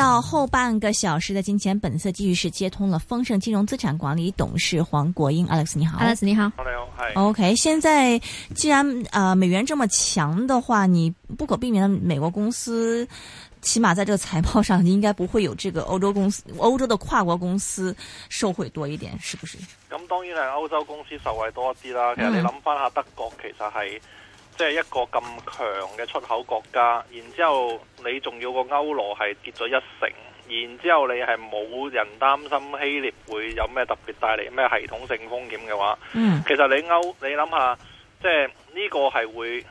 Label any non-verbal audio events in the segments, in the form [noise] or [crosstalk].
到後半個小時的金錢本色繼續是接通了豐盛金融資產管理董事黃國英 Alex 你好，Alex 你好。oh，你好，係，OK，現在既然呃美元這麼強的話，你不可避免的美國公司，起碼在這個財報上應該不會有這個歐洲公司，歐洲的跨國公司受惠多一點，是不是？咁當然係歐洲公司受惠多一啲啦。嗯，其實你諗翻下德國其實係。即係一個咁強嘅出口國家，然之後你仲要個歐羅係跌咗一成，然之後你係冇人擔心希臘會有咩特別帶嚟咩系統性風險嘅話，mm. 其實你歐你諗下，即係呢個係會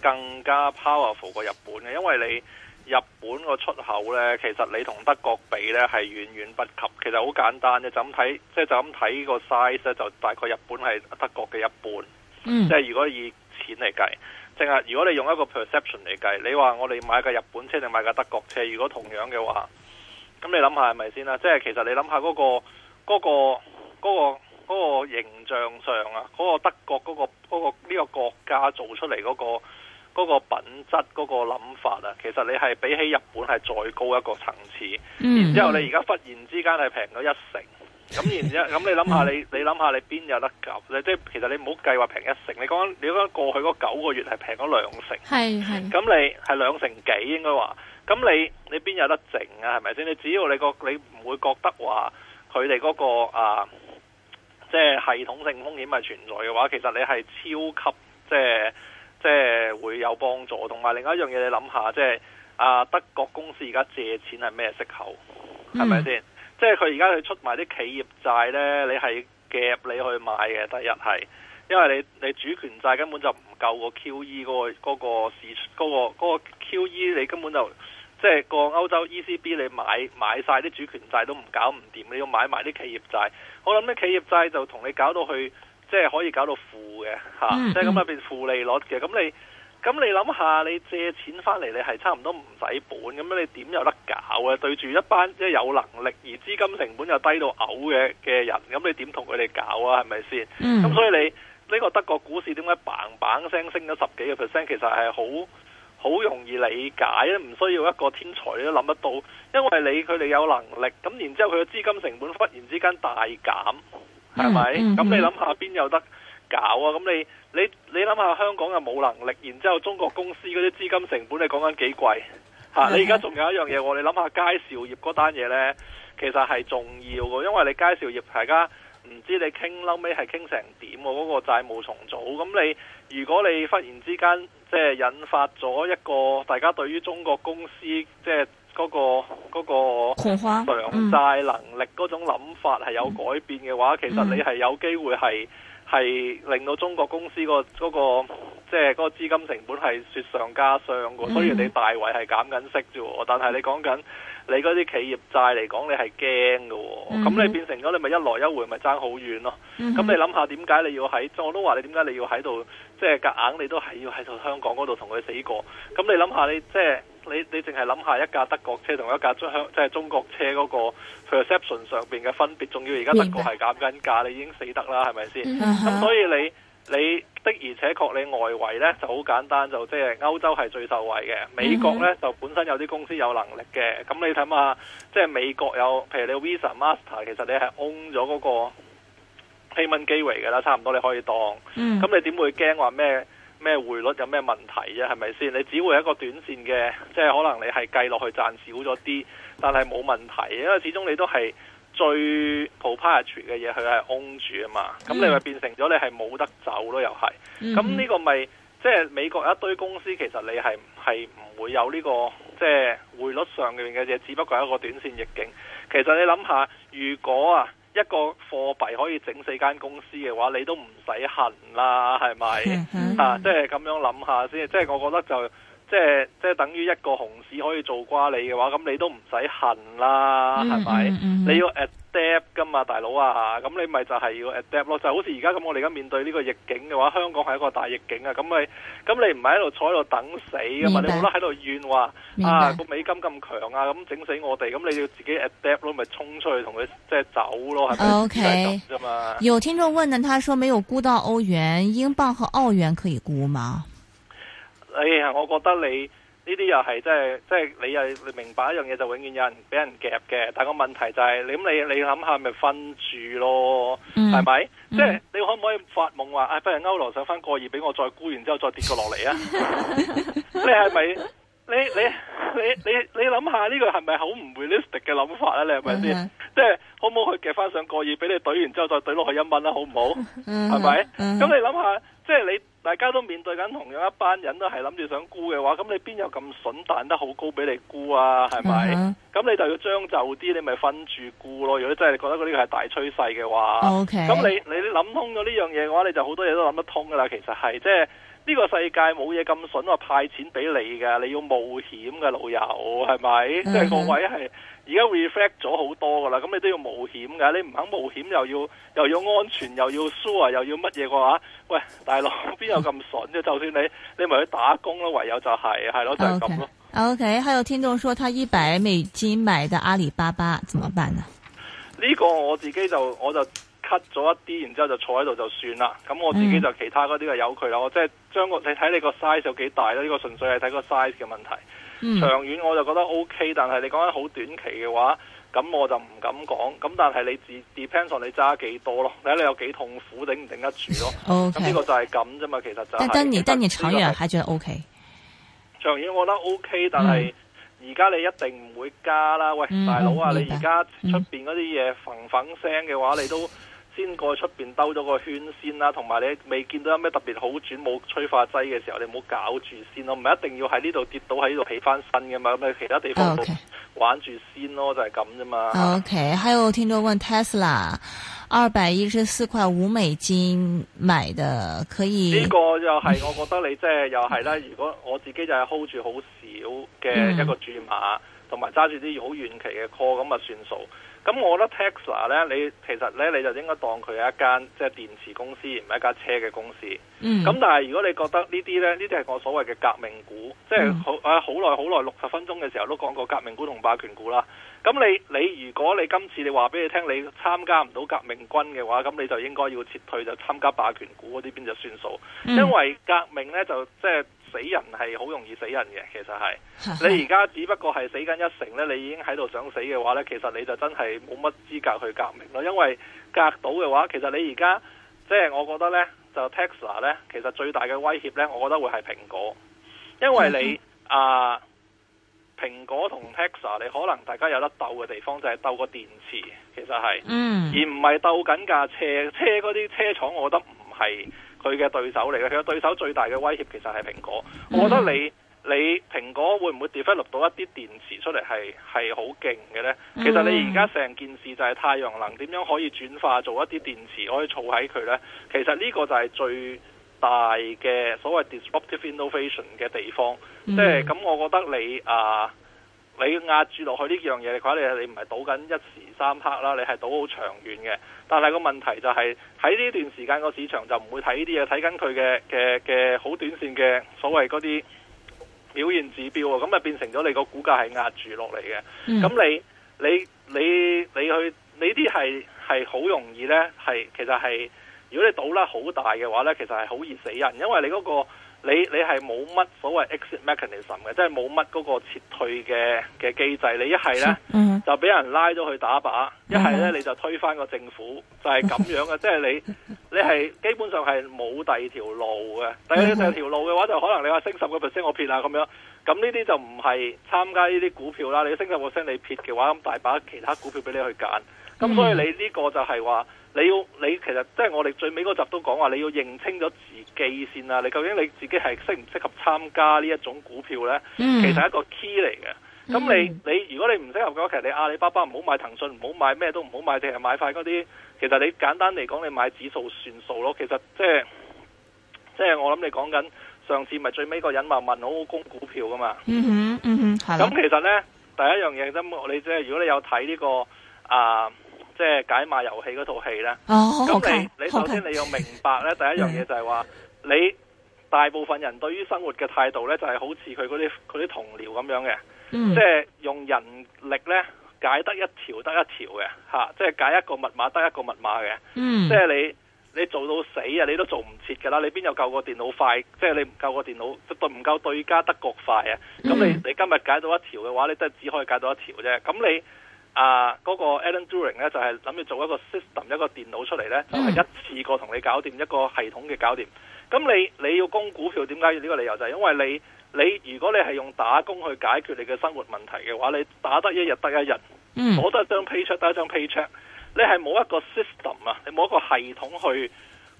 更加 powerful 過日本嘅，因為你日本個出口呢，其實你同德國比呢係遠遠不及。其實好簡單嘅，就咁睇，即係就咁睇個 size 咧，就大概日本係德國嘅一半。Mm. 即係如果以點嚟計？即 [noise] 係如果你用一個 perception 嚟計，你話我哋買架日本車定買架德國車？如果同樣嘅話，咁你諗下係咪先啦？即係其實你諗下嗰個嗰、嗰個嗰個嗰個形象上啊，嗰、嗰個德國嗰、嗰個呢、嗰個、個國家做出嚟嗰、嗰個嗰個品質嗰個諗法啊，其實你係比起日本係再高一個層次，嗯、然之後你而家忽然之間係平咗一成。咁 [laughs] 然之後，咁你諗下，你你諗下，你邊有得救，你即係其實你唔好計話平一成。你講你講過去嗰九個月係平咗兩成，咁你係兩成幾應該話。咁你你邊有得剩啊？係咪先？你只要你個你唔會覺得話佢哋嗰個啊，即係系統性風險係存在嘅話，其實你係超級即係即係會有幫助。同埋另外一樣嘢你諗下，即係啊德國公司而家借錢係咩息口？係咪先？嗯即係佢而家去出埋啲企業債呢，你係夾你去買嘅。第一係，因為你你主權債根本就唔夠個 QE 嗰個嗰個市嗰個嗰個 QE，你根本就即係個歐洲 ECB 你買買晒啲主權債都唔搞唔掂，你要買埋啲企業債。我諗啲企業債就同你搞到去，即係可以搞到負嘅吓，即係咁入面負利率嘅。咁你。咁你諗下，你借錢翻嚟，你係差唔多唔使本，咁樣你點有得搞啊？對住一班即係有能力而資金成本又低到嘔嘅嘅人，咁你點同佢哋搞啊？係咪先？咁、嗯、所以你呢、呢個德國股市點解砰砰聲升咗十幾個 percent？其實係好好容易理解，唔需要一個天才都諗得到，因為你佢哋有能力，咁然之後佢嘅資金成本忽然之間大減，係咪？咁、嗯嗯、你諗下邊有得搞啊？咁你。你你諗下香港又冇能力，然之後中國公司嗰啲資金成本你講緊幾貴吓？你而家仲有一樣嘢，我你諗下佳兆業嗰單嘢咧，其實係重要嘅，因為你佳兆業大家唔知你傾嬲尾係傾成點喎，嗰個債務重組。咁你如果你忽然之間即係引發咗一個大家對於中國公司即係嗰個嗰個償債能力嗰種諗法係有改變嘅話，嗯、其實你係有機會係。係令到中國公司嗰、嗰個即係嗰個資金成本係雪上加霜嘅，mm-hmm. 所以你大圍係減緊息啫。但係你講緊你嗰啲企業債嚟講你，你係驚喎。咁你變成咗，你咪一來一回咪爭好遠咯。咁、mm-hmm. 你諗下點解你要喺？我都話你點解你要喺度？即係夾硬，你都係要喺香港嗰度同佢死過。咁你諗下，你即係你你淨係諗下一架德國車同一架中香即係中國車嗰個 perception 上面嘅分別。仲要而家德國係減緊價，你已經死得啦，係咪先？咁所以你你的而且確，你外圍呢就好簡單，就即係歐洲係最受惠嘅。美國呢就本身有啲公司有能力嘅。咁你睇下，即係美國有，譬如你 Visa Master，其實你係 own 咗嗰個。四蚊基圍嘅啦，差唔多你可以當，咁、嗯、你點會驚話咩咩匯率有咩問題啫、啊？係咪先？你只會有一個短線嘅，即係可能你係計落去賺少咗啲，但係冇問題，因為始終你都係最 property 嘅嘢，佢係空住啊嘛。咁你咪變成咗你係冇得走咯，又係。咁呢個咪即係美國有一堆公司，其實你係係唔會有呢個即係匯率上面嘅嘢，只不過係一個短線逆境。其實你諗下，如果啊～一個貨幣可以整四間公司嘅話，你都唔使恨啦，係咪？ [music] 啊，即係咁樣諗下先，即係我覺得就即係即係等於一個熊市可以做瓜你嘅話，咁你都唔使恨啦，係咪？ [music] [music] 你要 ad- 嘛，大佬啊，咁你咪就係要 adapt 咯，就好似而家咁，我哋而家面對呢個逆境嘅話，香港係一個大逆境啊，咁咪咁你唔係喺度坐喺度等死，咁嘛？你冇得喺度怨話啊個美金咁強啊，咁整死我哋，咁你要自己 adapt 咯，咪衝出去同佢即係走咯，係咪？OK，有聽眾問呢，他說沒有估到歐元、英鎊和澳元可以估嗎？哎呀，我覺得你。呢啲又係即係即係你又明白一樣嘢就永遠有人俾人夾嘅，但個問題就係、是，咁你你諗下咪瞓住咯，係、嗯、咪、嗯？即係你可唔可以發夢話，哎、啊，不如歐羅上翻個二俾我再沽，然之後再跌個落嚟啊？你係咪？你你你你你諗下呢個係咪好唔 realistic 嘅諗法呢？你係咪先？即係可唔可以去夾翻上個二俾你懟，完之後再懟落去一蚊啦？好唔好？係、嗯、咪？咁、嗯、你諗下、嗯，即係你。大家都面對緊同樣一班人都係諗住想沽嘅話，咁你邊有咁筍彈得好高俾你沽啊？係咪？咁、uh-huh. 你就要將就啲，你咪分住沽咯。如果真係覺得呢個係大趨勢嘅話，咁、okay. 你你諗通咗呢樣嘢嘅話，你就好多嘢都諗得通噶啦。其實係即係。呢個世界冇嘢咁筍，啊，派錢俾你噶，你要冒險嘅老友係咪？是 uh-huh. 即係個位係而家 reflect 咗好多噶啦，咁你都要冒險噶，你唔肯冒險又要又要安全又要 sure 又要乜嘢嘅話，喂，大佬邊有咁筍啫？Uh-huh. 就算你你咪去打工咯，唯有就係係咯，就係咁咯。Okay. OK，還有聽眾說他一百美金買的阿里巴巴怎麼辦呢？呢個我自己就我就。cut 咗一啲，然之後就坐喺度就算啦。咁我自己就其他嗰啲就由佢啦。我即係將個你睇你個 size 有幾大啦。呢、呢個純粹係睇個 size 嘅問題。嗯、長遠我就覺得 O、OK, K，但係你講緊好短期嘅話，咁我就唔敢講。咁但係你自 depends on 你揸幾多咯？睇下，你有幾痛苦，頂唔頂得住咯？咁、okay，呢個就係咁啫嘛。其實就係、是。等你等你長遠睇住 O K。長遠我覺得 O、OK, K，但係而家你一定唔會加啦。嗯、喂，嗯、大佬啊，你而家出面嗰啲嘢粉粉聲嘅話，你都～先過出邊兜咗個圈先啦，同埋你未見到有咩特別好轉，冇催化劑嘅時候，你唔好搞住先咯，唔係一定要喺呢度跌到喺呢度起翻身嘅嘛。咁你其他地方、okay. 玩住先咯，就係咁啫嘛。OK，還有我聽眾問 Tesla 二百一十四塊五美金買嘅，可以呢、呢個又係，我覺得你即係又係咧。 [laughs] 如果我自己就係 hold 住好少嘅一個注碼，同埋揸住啲好遠期嘅 call 咁啊算數。咁我覺得 Tesla 咧，你其實咧你就應該當佢係一間即係電池公司，唔係一間車嘅公司。嗯。咁但係如果你覺得呢啲咧，呢啲係我所謂嘅革命股，即係好誒好耐好耐六十分鐘嘅時候都講過革命股同霸權股啦。咁你你如果你今次你話俾你聽，你參加唔到革命軍嘅話，咁你就應該要撤退就參加霸權股嗰啲邊就算數，嗯、因為革命咧就即、就、係、是。死人係好容易死人嘅，其實係你而家只不過係死緊一成呢，你已經喺度想死嘅話呢，其實你就真係冇乜資格去革命咯，因為隔到嘅話，其實你而家即係我覺得呢，就 Tesla 呢，其實最大嘅威脅呢，我覺得會係蘋果，因為你、mm-hmm. 啊蘋果同 Tesla 你可能大家有得鬥嘅地方就係、是、鬥個電池，其實係，而唔係鬥緊架車，那些車嗰啲車廠，我覺得唔係。佢嘅對手嚟嘅，佢嘅對手最大嘅威脅其實係蘋果。Mm-hmm. 我覺得你你蘋果會唔會 develop 到一啲電池出嚟係係好勁嘅呢？Mm-hmm. 其實你而家成件事就係太陽能，點樣可以轉化做一啲電池可以儲喺佢呢？其實呢個就係最大嘅所謂 disruptive innovation 嘅地方。即係咁，我覺得你啊。呃你壓住落去呢樣嘢嘅話，你你唔係賭緊一時三刻啦，你係賭好長遠嘅。但係個問題就係喺呢段時間個市場就唔會睇呢啲嘢，睇緊佢嘅嘅嘅好短線嘅所謂嗰啲表現指標啊，咁啊變成咗你個股價係壓住落嚟嘅。咁、嗯、你你你你去你啲係係好容易呢，係其實係如果你賭得好大嘅話呢，其實係好易死人，因為你嗰個。你你係冇乜所謂 exit mechanism 嘅，即係冇乜嗰個撤退嘅嘅機制。你一係呢，就俾人拉咗去打靶，一係呢，你就推翻個政府，就係咁樣嘅。 [laughs] 即係你你係基本上係冇第二條路嘅。第二條路嘅話，就可能你話升十個 percent，我撇啦咁樣。咁呢啲就唔係參加呢啲股票啦，你升得我升，你撇嘅話咁大把其他股票俾你去揀。咁、嗯、所以你呢個就係話，你要你其實即係我哋最尾嗰集都講話，你要認清咗自己先啦。你究竟你自己係適唔適合參加呢一種股票呢？嗯、其實係一個 key 嚟嘅。咁、嗯、你你如果你唔適合嘅話，其實你阿里巴巴唔好買，買，買，騰訊唔好買，咩都唔好買，淨係買塊嗰啲。其實你簡單嚟講，你買指數算數咯。其實即係即係我諗你講緊。上次咪最尾個人話問好供股票噶嘛？嗯哼，嗯哼，係。咁其實咧，第一樣嘢都你即係如果你有睇呢、這個啊，即、呃、係、就是、解碼遊戲嗰套戲咧。咁、oh, 好你，okay. 你首先你要明白咧，okay. 第一樣嘢就係話，yeah. 你大部分人對於生活嘅態度咧，就係、是、好似佢嗰啲嗰啲同僚咁樣嘅，即、mm. 係用人力咧解得一條得一條嘅，嚇、啊，即、就、係、是、解一個密碼得一個密碼嘅，即、mm. 係你。你做到死啊！你都做唔切噶啦，你邊有夠個電腦快？即係你唔夠個電腦對唔夠對家德國快啊！咁你你今日解到一條嘅話，你真係只可以解到一條啫。咁你啊嗰、嗰個 Alan Turing 咧，就係諗住做一個 system 一個電腦出嚟咧，就係、係、一次過同你搞掂一個系統嘅搞掂。咁你你要供股票，點解要呢個理由就係因為你你如果你係用打工去解決你嘅生活問題嘅話，你打得一日得一日，攞得一張 paycheck 得一張 paycheck。你係冇一個 system 啊，你冇一個系統去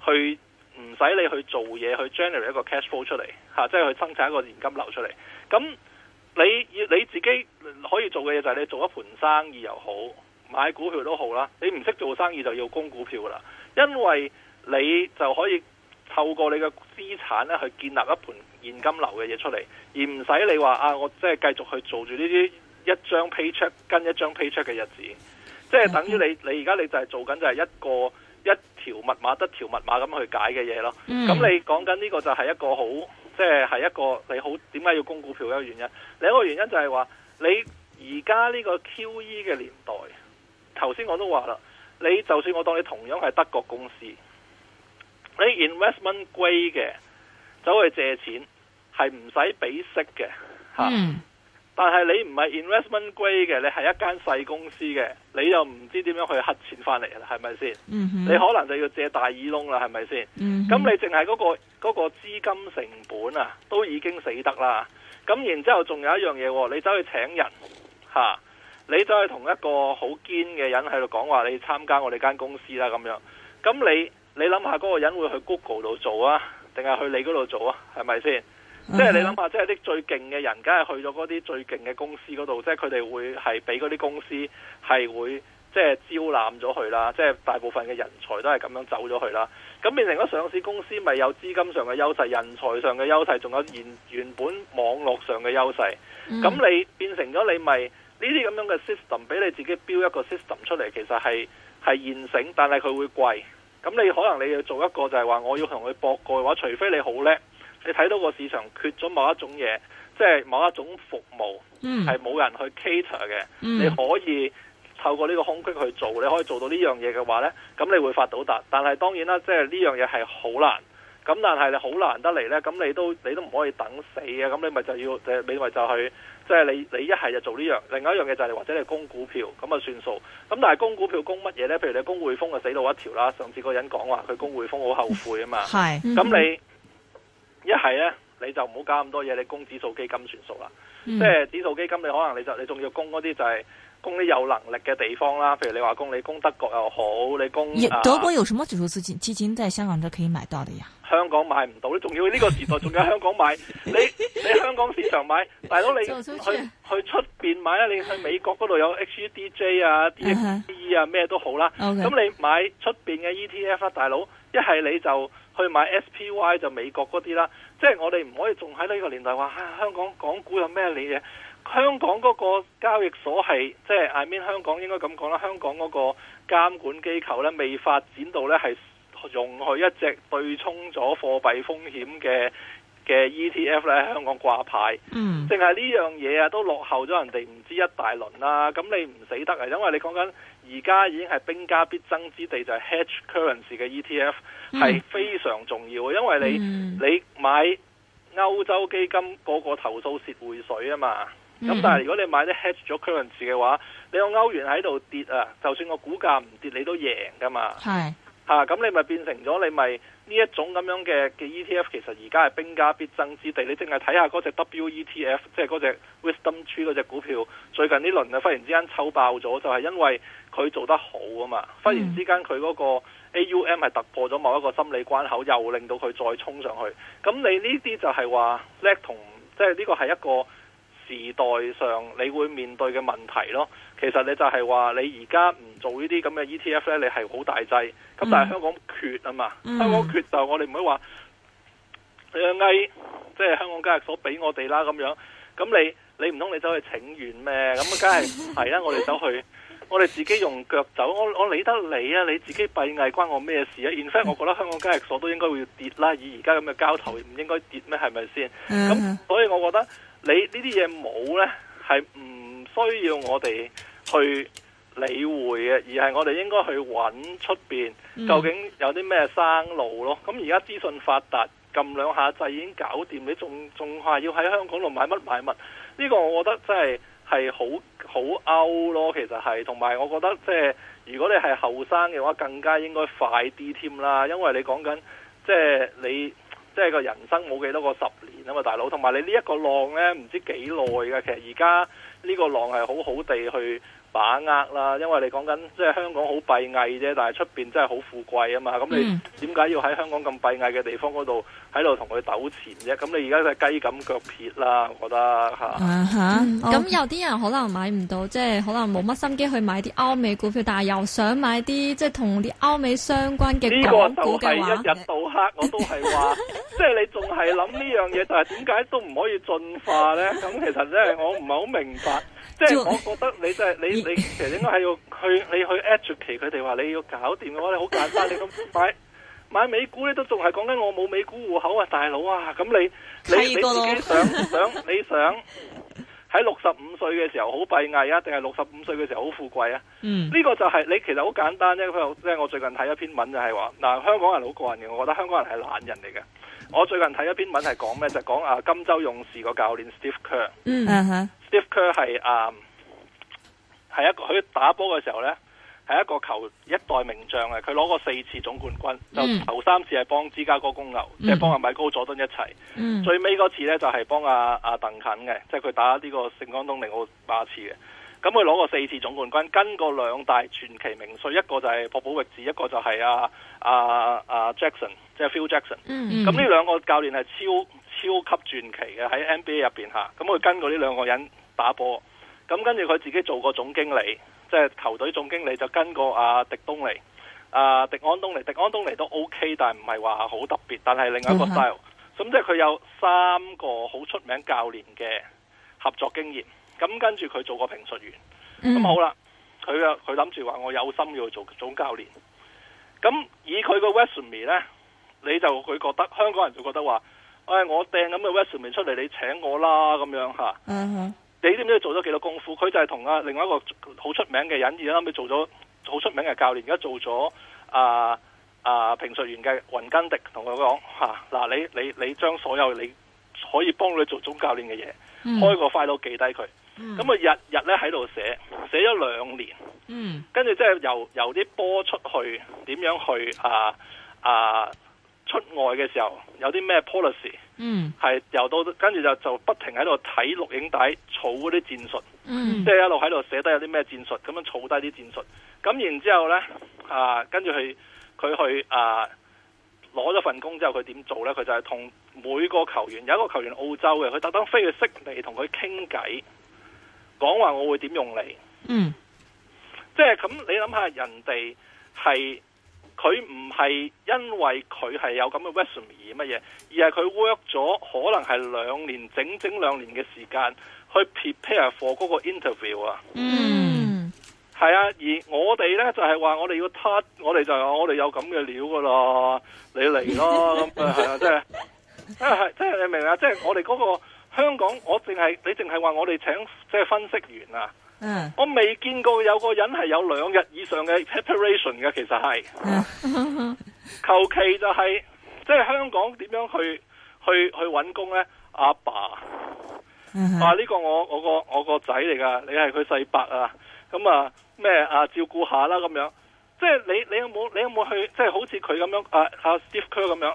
去唔使你去做嘢去 generate 一個 cash flow 出嚟嚇，即、啊、係、就是、去生產一個現金流出嚟。咁你你自己可以做嘅嘢就係你做一盤生意又好，買股票都好啦。你唔識做生意就要供股票啦，因為你就可以透過你嘅資產咧去建立一盤現金流嘅嘢出嚟，而唔使你話啊，我即係繼續去做住呢啲一張 paycheck 跟一張 paycheck 嘅日子。即係等於你，你而家你就係做緊就係一個一條密碼得條密碼咁去解嘅嘢咯。咁、嗯、你講緊呢個就係一個好，即係係一個你好點解要供股票嘅原因。另一個原因就係話你而家呢個 QE 嘅年代，頭先我都話啦，你就算我當你同樣係德國公司，你 investment grade 走去借錢係唔使俾息嘅吓。但係你唔係 investment grade 嘅，你係一間細公司嘅，你又唔知點樣去黑錢翻嚟啦，係咪先？Mm-hmm. 你可能就要借大耳窿啦，係咪先？咁、mm-hmm. 你淨係嗰個、嗰個資金成本啊，都已經死得啦。咁然之後仲有一樣嘢，你走去請人吓、啊，你走去同一個好堅嘅人喺度講話，你參加我哋間公司啦咁樣。咁你你諗下嗰個人會去 Google 度做啊，定係去你嗰度做啊？係咪先？Mm-hmm. 即係你諗下，即係啲最勁嘅人，梗係去咗嗰啲最勁嘅公司嗰度，即係佢哋會係俾嗰啲公司係會即係招攬咗佢啦。即係大部分嘅人才都係咁樣走咗去啦。咁變成咗上市公司，咪有資金上嘅優勢、人才上嘅優勢，仲有現原本網絡上嘅優勢。咁、mm-hmm. 你變成咗你咪呢啲咁樣嘅 system 俾你自己標一個 system 出嚟，其實係係現成，但係佢會貴。咁你可能你要做一個就係話，我要同佢搏過嘅話，除非你好叻。你睇到個市場缺咗某一種嘢，即係某一種服務，係、嗯、冇人去 cater 嘅、嗯。你可以透過呢個空隙去做，你可以做到呢樣嘢嘅話呢，咁你會發到達。但係當然啦，即係呢樣嘢係好難。咁但係你好難得嚟呢，咁你都你都唔可以等死嘅。咁你咪就要，你咪就去，即、就、係、是、你你一係就做呢樣，另外一樣嘢就係、是、或者你供股票，咁啊算數。咁但係供股票供乜嘢呢？譬如你供匯豐就死到一條死路一條啦。上次個人講話佢供匯豐好後悔啊嘛。咁、嗯、你一係咧，你就唔好搞咁多嘢，你供指數基金算數啦、嗯。即係指數基金，你可能你就你仲要供嗰啲就係供啲有能力嘅地方啦。譬如你話供你供德國又好，你供德國，好供德國有什麼指數資金？基金在香港都可以買到嘅呀。香港買唔到，你仲要呢個時代仲 [laughs] 要香港買？你你香港市場買，大佬你去出去出邊買啦？你去美國嗰度有 HEDJ 啊 d t f 啊咩、uh-huh. 都好啦。咁、okay. 你買出邊嘅 ETF 啦、啊，大佬。一係你就去買 SPY 就美國嗰啲啦，即係我哋唔可以仲喺呢個年代話、哎，香港港股有咩理嘅？香港嗰個交易所係即係 I mean 香港應該咁講啦，香港嗰個監管機構呢未發展到呢係容許一隻對沖咗貨幣風險嘅嘅 ETF 咧，香港掛牌，淨係呢樣嘢啊都落後咗人哋唔知一大輪啦、啊。咁你唔死得啊，因為你講緊而家已經係兵家必爭之地，就係、是、hedge currency 嘅 ETF 係、嗯、非常重要。因為你、嗯、你買歐洲基金嗰個投訴蝕匯水啊嘛。咁、嗯、但係如果你買啲 hedge 咗 currency 嘅話，你個歐元喺度跌啊，就算個股價唔跌，你都贏㗎嘛。啊，咁你咪變成咗你咪呢一種咁樣嘅嘅 ETF，其實而家係兵家必爭之地。你淨係睇下嗰隻 WETF，即係嗰隻 Wisdom Tree 嗰隻股票，最近呢輪啊，忽然之間抽爆咗，就係因為佢做得好啊嘛。忽然之間佢嗰個 AUM 係突破咗某一個心理關口，又令到佢再衝上去。咁你呢啲就係話叻同，即係呢個係一個時代上你會面對嘅問題咯。其實你就係話你而家唔做呢啲咁嘅 ETF 咧，你係好大劑。咁但係香港缺啊嘛、嗯，香港缺就我哋唔好話誒藝，即、嗯、係、就是、香港交易所畀我哋啦咁樣。咁你你唔通你走去請願咩？咁梗係係啦，我哋走去， [laughs] 我哋自己用腳走。我我理得你啊，你自己閉翳關我咩事啊？In fact，我覺得香港交易所都應該會跌啦。以而家咁嘅交投不該，唔應該跌咩？係咪先？咁所以我覺得你呢啲嘢冇呢，係唔需要我哋。去理會嘅，而係我哋應該去揾出邊究竟有啲咩生路咯。咁而家資訊發達，撳兩下掣已經搞掂，你仲仲話要喺香港度買乜買乜？呢個我覺得真係，係好好 out 咯。其實係同埋，我覺得即係如果你係後生嘅話更加應該快啲添啦。因為你講緊即係你即係個人生冇幾多個十年啊嘛，大佬。同埋你呢一個浪咧，唔知幾耐噶。其實而家呢個浪係好好地去把握啦，因為你講緊即係香港好閉翳啫，但係出面真係好富貴啊嘛，咁你點解要喺香港咁閉翳嘅地方嗰度喺度同佢糾纏啫？咁你而家係雞咁腳撇啦，我覺得嚇。咁、啊嗯嗯哦、有啲人可能買唔到，即、就、係、是、可能冇乜心機去買啲歐美股票，但係又想買啲即係同啲歐美相關嘅港股嘅話、呢個都第一日到黑我都係話，即 [laughs] 係你仲係諗呢樣嘢，但係點解都唔可以進化呢？咁其實係我唔係好明白。即係我覺得你即係你你，你其實應該係要去你去 advise 佢哋話，你要搞掂嘅話你好簡單，你咁買買美股，你都仲係講緊我冇美股戶口啊大佬啊，咁你你你自己想想，你想喺六十五歲嘅時候好閉翳啊，定係六十五歲嘅時候好富貴啊？嗯呢、這個就係、是、你其實好簡單啫，即係我最近睇一篇文就係話嗱，香港人好過癮嘅，我覺得香港人係懶人嚟嘅。我最近睇咗篇文係講咩？就講啊，金州勇士個教練 Steve Kerr，嗯吓、mm-hmm.，Steve Kerr 係啊，係一個，佢打波嘅時候呢係一個球一代名將，佢攞過四次總冠軍，mm-hmm. 就頭三次係幫芝加哥公牛，即係幫阿米高佐敦一齊，嗯、mm-hmm.，最尾嗰次呢就係幫阿阿鄧肯嘅，即係佢打呢個聖安東尼奧馬刺嘅。咁佢攞過四次總冠軍，跟過兩大傳奇名帥，一個就係朴普域治，一個就係阿阿阿 Jackson，即係 Phil Jackson。咁呢兩個教練係超超級傳奇嘅喺 NBA 入邊吓，咁佢跟過呢兩個人打波，咁跟住佢自己做過總經理，即係球隊總經理，就跟過阿迪東尼、阿迪安東尼、迪安東尼都 OK，但係唔係話好特別，但係另外一個 style，咁即係佢有三個好出名教練嘅合作經驗。咁跟住佢做個評述員，咁好啦。佢、嗯、啊，佢諗住話我有心要做總教練。咁以佢個 resume 咧，你就佢覺得香港人就覺得話、哎，我掟咁嘅 resume 出嚟，你請我啦咁樣嚇、嗯。你知唔知佢做咗幾多功夫？佢就係同啊另外一個好出名嘅人，而家諗住做咗好出名嘅教練，而家做咗啊啊評述員嘅雲根迪，同佢講嚇。嗱、啊，你你你將所有你可以幫佢做總教練嘅嘢，開個快勞記低佢。咁佢日日咧喺度寫，寫咗兩年，嗯、跟住即係由由啲波出去，點樣去啊啊出外嘅時候有啲咩 policy，係、嗯、由到跟住就就不停喺度睇錄影帶，儲嗰啲戰術，即、嗯、係、就是、一路喺度寫低有啲咩戰術，咁樣儲低啲戰術。咁然之後咧啊，跟住佢佢去、去啊攞咗份工之後，佢點做咧？佢就係同每個球員，有一個球員澳洲嘅，佢特登飛去悉尼同佢傾偈。講話我會點用嚟？嗯，即係咁，你諗下人哋係佢唔係因為佢係有咁嘅 resume 乜嘢，而係佢 work 咗可能係兩年整整兩年嘅時間去 prepare for 嗰個 interview 啊。嗯，係啊，而我哋咧就係話我哋要 touch 我哋就我哋有咁嘅料噶啦，你嚟咯啊，係啊，即係即係你明唔明啊，即係我哋嗰個。香港，我淨係你淨係話我哋請即係、就是、分析員啊、嗯！我未見過有個人係有兩日以上嘅 preparation 嘅，其實係，求、嗯、其 [laughs] 就係、是、即係香港點樣去去去揾工咧？阿爸，爸、嗯、啊呢、這個我我個我個仔嚟噶，你係佢細伯啊！咁啊咩啊照顧下啦咁樣，即係你你有冇你有冇去即係好似佢咁樣啊啊 Steve Kerr 咁樣？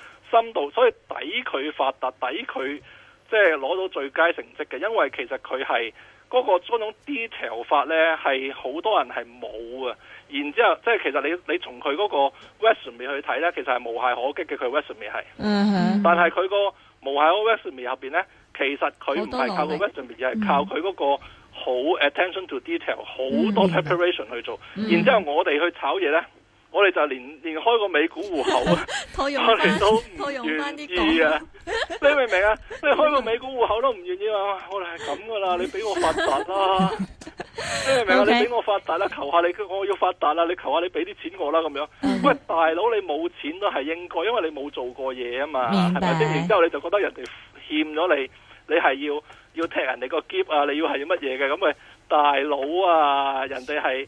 深度，所以抵佢發達，抵佢即係攞到最佳成績嘅。因為其實佢係嗰個嗰種 detail 法咧，係好多人係冇嘅。然之後，即係其實你你從佢嗰個 resume 去睇咧，其實係無懈可擊嘅。佢 resume 係，mm-hmm. 但係佢個無懈可擊 resume 後邊咧，其實佢唔係靠個 resume，而係靠佢嗰個好 attention to detail，好、mm-hmm. 多 preparation 去做。Mm-hmm. 然之後我哋去炒嘢咧。我哋就連連連開個美股戶口啊， [laughs] 我哋都唔願意啊， [laughs] 你明唔明啊？你開個美股戶口都唔願意啊，我哋係咁噶啦， [laughs] 你俾我發達啦，啊， [laughs] 你明唔明啊？Okay. 你俾我發達啦，啊，求下你，我要發達啦，啊，你求下你俾啲錢我啦，咁樣。 [laughs] 喂，大佬，你冇錢都係應該，因為你冇做過嘢啊嘛，係咪先？然之後你就覺得人哋欠咗你，你係要要踢人哋個 job 啊，你要係要乜嘢嘅咁啊？大佬啊，人哋係。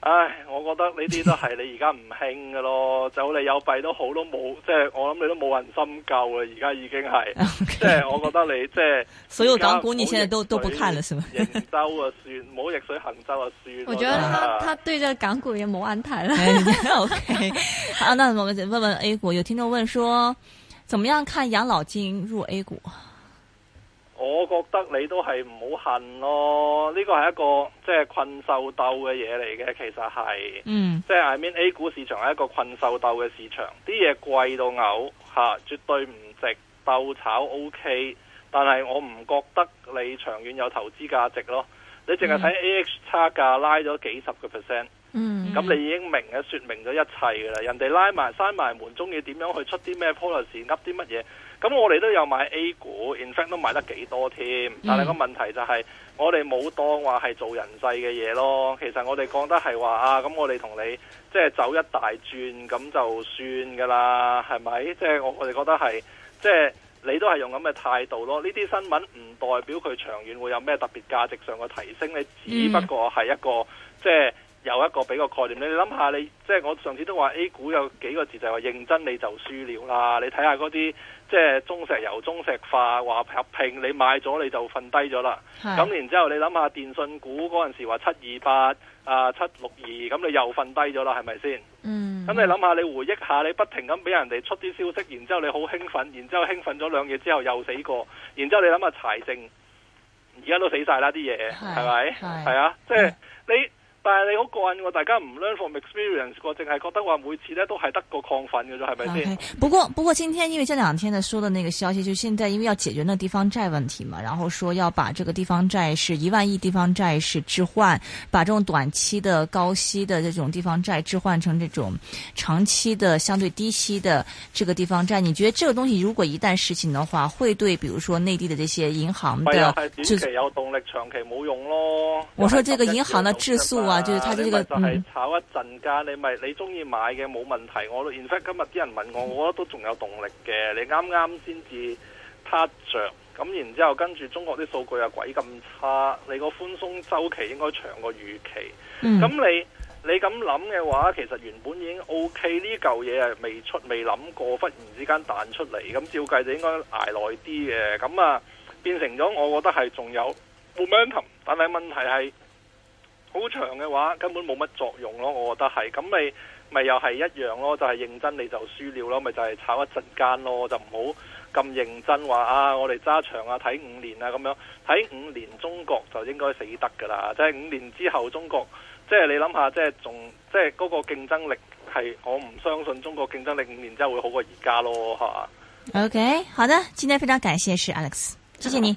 唉，我覺得呢啲都係你而家唔興嘅咯，走 [laughs] 你有幣都好都冇，即係我諗你都冇人深究啦，而家已經係，okay. 即係我覺得你即係 [laughs] 所有港股，你現在都都不看了，是嗎？行舟啊算，冇逆水行舟啊算。我覺得他 [laughs] 他對隻港股又冇安排啦。O K，好，那我們問問 A 股，有聽眾問說，怎麼樣看養老金入 A 股？我覺得你都係唔好恨咯，呢個係一個即係困獸鬥嘅嘢嚟嘅，其實係、嗯，即係 I mean A 股市場係一個困獸鬥嘅市場，啲嘢貴到嘔嚇、啊，絕對唔值鬥炒 OK，但係我唔覺得你長遠有投資價值咯，你淨係睇 AH 差價拉咗幾十個 percent，咁你已經明咗説明咗一切㗎啦，人哋拉埋閂埋門，中意點樣去出啲咩 policy 噏啲乜嘢。咁我哋都有買 A 股，in fact 都買得幾多添。但係個問題就係、是，我哋冇當話係做人際嘅嘢咯。其實我哋講得係話啊，咁我哋同你即係走一大轉咁就算噶啦，係咪？即係我我哋覺得係，即係你都係用咁嘅態度咯。呢啲新聞唔代表佢長遠會有咩特別價值上嘅提升，你只不過係一個，即係。有一個俾個概念，你諗下，你即係我上次都話 A 股有幾個字就係認真你就輸了啦。你睇下嗰啲即係中石油、中石化話合併，你買咗你就瞓低咗啦。咁然之後你諗下電信股嗰陣時話七二八啊七六二，咁你又瞓低咗啦，係咪先？咁、嗯、你諗下，你回憶下，你不停咁俾人哋出啲消息，然之後你好興奮，然之後興奮咗兩夜之後又死過，然之後你諗下財政，而家都死晒啦啲嘢，係咪？係啊，即係你。但係你好慣過，大家唔 learn from experience 過，淨係覺得話每次呢都係得個亢奮嘅啫，係咪先？不過不過，今天因為這兩天呢，說的那個消息，就現在因為要解決那個地方債問題嘛，然後說要把這個地方債是一萬億地方債是置換，把這種短期的高息的這種地方債置換成這種長期的相對低息的這個地方債。你覺得這個東西如果一旦實行的話，會對，比如說內地的這些銀行的，短期有動力，長期冇用咯。我說這個銀行的質素啊。話、啊、住，就係炒一陣間、嗯，你咪你中意買嘅冇問題。我，而且今日啲人問我，我覺得都仲有動力嘅。你啱啱先至撻着，咁然之後跟住中國啲數據又鬼咁差，你個寬鬆週期應該長過預期。咁、嗯、你你咁諗嘅話，其實原本已經 OK，呢舊嘢啊未出未諗過，忽然之間彈出嚟，咁照計就應該捱耐啲嘅。咁啊，變成咗，我覺得係仲有 momentum，但係問題係。好長嘅話根本冇乜作用咯，我覺得係咁，你咪又係一樣咯，就係、是、認真你就輸了咯，咪就係炒一陣間咯，就唔好咁認真話啊，我哋揸長啊，睇五年啊咁樣，睇五年中國就應該死得噶啦，即、就、係、是、五年之後中國，即係你諗下，即係仲即係嗰個競爭力係，我唔相信中國競爭力五年之後會好過而家咯，係嘛？OK 好的，今天非常感謝是 Alex，謝謝你。